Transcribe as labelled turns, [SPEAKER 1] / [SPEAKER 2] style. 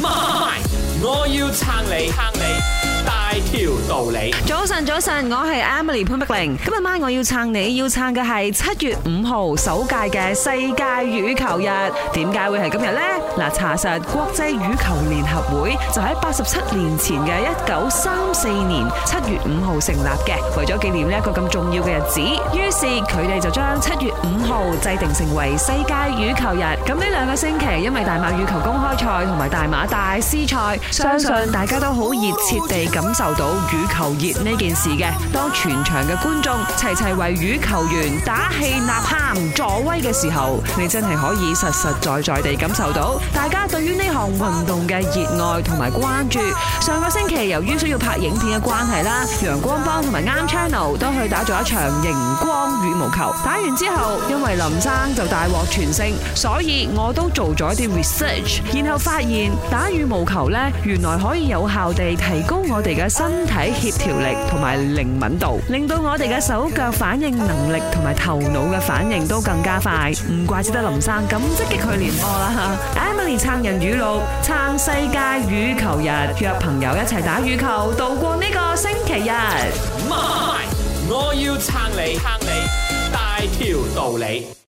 [SPEAKER 1] 媽咪，我要撐你，撐你。條道理。早晨，早晨，我係 Emily 潘碧玲。今日晚我要撐你，要撐嘅係七月五號首屆嘅世界羽球日。點解會係今日呢？嗱，查實國際羽球聯合會就喺八十七年前嘅一九三四年七月五號成立嘅，為咗紀念呢一個咁重要嘅日子，於是佢哋就將七月五號制定成為世界羽球日。咁呢兩個星期，因為大馬羽球公開賽同埋大馬大師賽，相信大家都好熱切地感受。求到羽球熱呢件事嘅，當全場嘅觀眾齊齊為羽球員打氣吶喊威嘅時候，你真係可以實實在在地感受到大家對於呢項運動嘅熱愛同埋關注。上個星期由於需要拍影片嘅關係啦，陽光幫同埋啱 channel 都去打咗一場熒光羽毛球。打完之後，因為林生就大獲全勝，所以我都做咗啲 research，然後發現打羽毛球咧，原來可以有效地提高我哋嘅身體協調力同埋靈敏度，令到我哋嘅手腳反應能力同埋頭腦嘅反應都更加。加快，唔怪之得林生咁積極去連波啦，oh, uh huh.！Emily 撐人語錄，撐世界羽球日，約朋友一齊打羽球，度過呢個星期日。我要撐你，撐你大條道理。